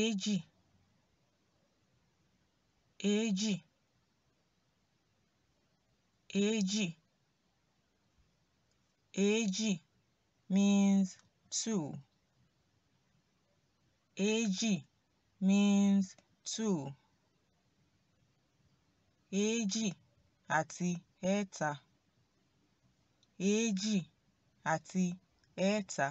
èjì èjì èjì èjì means two èjì means two èjì àti ẹẹ́ta èjì àti ẹẹ́ta